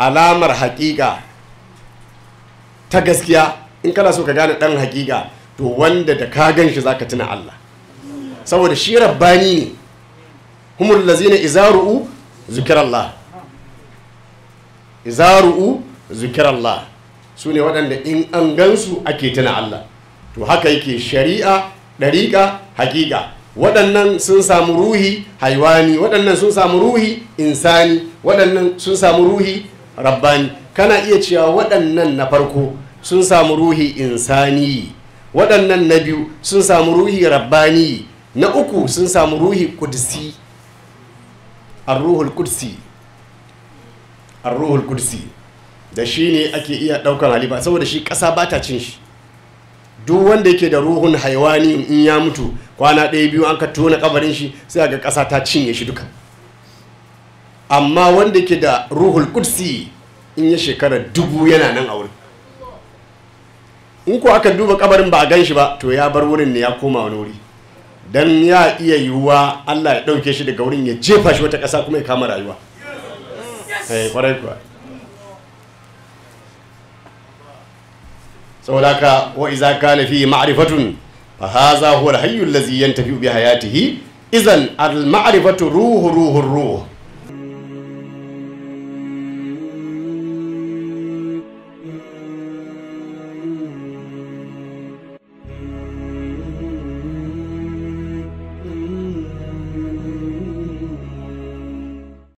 alamar haƙiƙa ta gaskiya in kana so ka gane ɗan haƙiƙa to wanda da ka gan shi za ka tuna Allah saboda shi rabbani ne humul lazina izaru'u zikirallah izaru'u zikirallah su ne waɗanda in an gansu ake tuna Allah to haka yake shari'a ɗariƙa haƙiƙa waɗannan sun samu ruhi haiwani waɗannan sun samu ruhi insani waɗannan sun samu ruhi rabbani kana iya cewa waɗannan na farko sun samu ruhi insani waɗannan na biyu sun samu ruhi rabbani na uku sun samu ruhi kudsi arruhul kudsi da shi ne ake iya ɗaukan halifa saboda shi ƙasa ba ta cin shi duk wanda yake da ruhun haiwani in ya mutu kwana ɗaya biyu an ka tona kabarin shi sai ga ƙasa ta cinye shi duka amma wanda ke da ruhul kudsi in ya shekara dubu yana nan a wurin in ko aka duba kabarin ba a gan shi ba to ya bar wurin ne ya koma wani wuri don ya iya yiwuwa Allah ya ɗauke shi daga wurin ya jefa shi wata ƙasa kuma ya kama rayuwa kwarai eh, saboda ka wa iza kana fi ma'rifatun fa hadha huwa al-hayyu yantafi bi hayatihi idan al-ma'rifatu ruhu ruhu ruhu